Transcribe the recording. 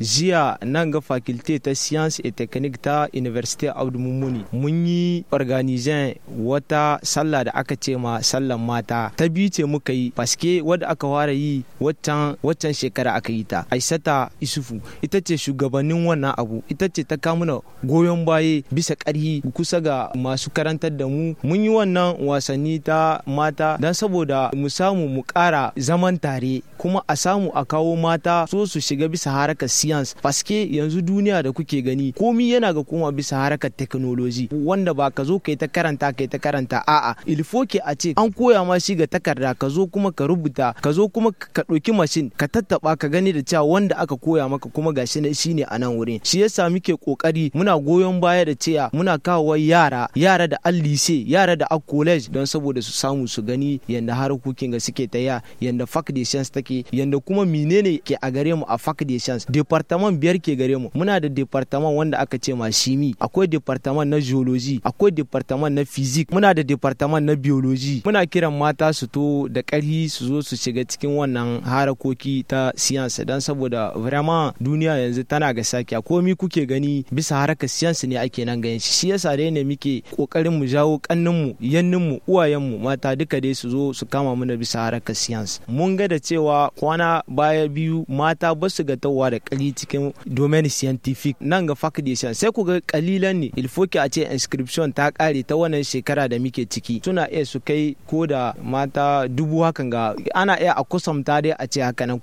jiya nan ga faculté ta science et technique ta université Abdul Mumuni mun yi organizan wata sallah da aka ce ma sallan mata ta biyu ce muka yi paske wadda aka fara yi waccan waccan shekara aka yi ta Aisata Isufu ita ce shugabannin wannan abu ita ce ta kamuna goyon baye bisa karhi kusa ga masu karantar da mu mun yi wannan wasanni ta mata dan saboda mu samu mu kara zaman tare kuma a samu a kawo mata so su shiga bisa harakar science paske yanzu duniya da kuke gani komi yana ga koma bisa harkar technology wanda ba ka zo kai ta karanta kai ta karanta a'a ke a ce an koya ma shi ga takarda ka zo kuma ka rubuta ka zo kuma ka ɗauki mashin ka tattaba ka gani da cewa wanda aka koya maka kuma gashi ne shine a nan wurin shi yasa muke kokari muna goyon baya da cewa muna kawo yara yara da an lise yara da a college don saboda su samu su gani yanda harkokin ga suke taya yanda fac de science take yanda kuma menene ke a gare mu a fac de science departaman biyar ke gare mu muna da departaman wanda aka ce ma shimi akwai departaman na geology akwai departaman na physics muna da departaman na biology muna kiran mata su to da ƙarfi su zo su shiga cikin wannan harakoki ta siyansa dan saboda vraiment duniya yanzu tana ga a komi kuke gani bisa harakar siyansa ne ake nan ganin shi shi yasa dai ne muke kokarin mu jawo kannin mu yannin mu uwayen mu mata duka dai su zo su kama muna bisa harakar siyansa mun ga da cewa kwana baya biyu mata ba su ga tawa da ƙarfi nazari cikin domain scientific nan ga facultation sai ku ga kalilan ne ilfoki a ce inscription ta kare ta wannan shekara da muke ciki suna iya su kai ko da mata dubu hakan ga ana iya a kusamta dai a ce haka nan